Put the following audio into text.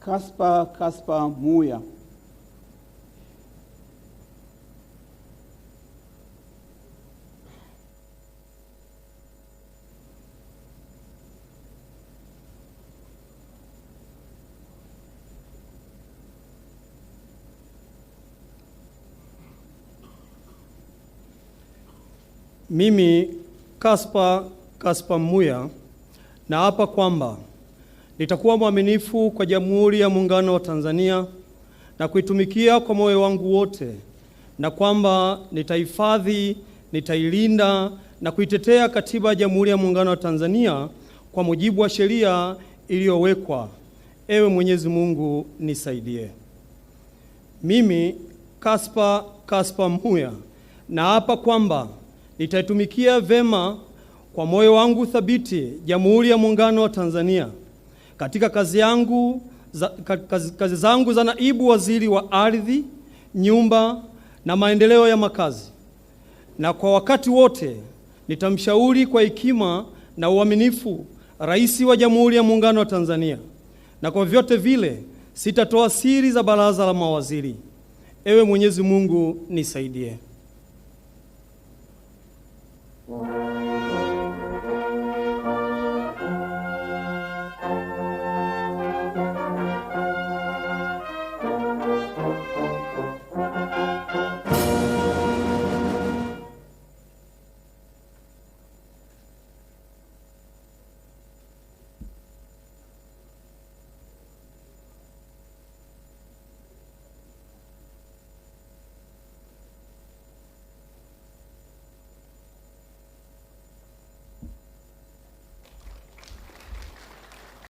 Kaspa Kaspa Muya. Mimi Kaspa Kaspa Muya naapa kwamba Nitakuwa mwaminifu kwa Jamhuri ya Muungano wa Tanzania na kuitumikia kwa moyo wangu wote, na kwamba nitahifadhi, nitailinda na kuitetea Katiba ya Jamhuri ya Muungano wa Tanzania kwa mujibu wa sheria iliyowekwa. Ewe Mwenyezi Mungu nisaidie. Mimi Kaspa Kaspa Mhuya naapa kwamba nitaitumikia vema kwa moyo wangu thabiti Jamhuri ya Muungano wa Tanzania katika kazi yangu za, kazi, kazi zangu za naibu waziri wa ardhi, nyumba na maendeleo ya makazi, na kwa wakati wote nitamshauri kwa hekima na uaminifu Rais wa Jamhuri ya Muungano wa Tanzania, na kwa vyote vile sitatoa siri za baraza la mawaziri. Ewe Mwenyezi Mungu nisaidie.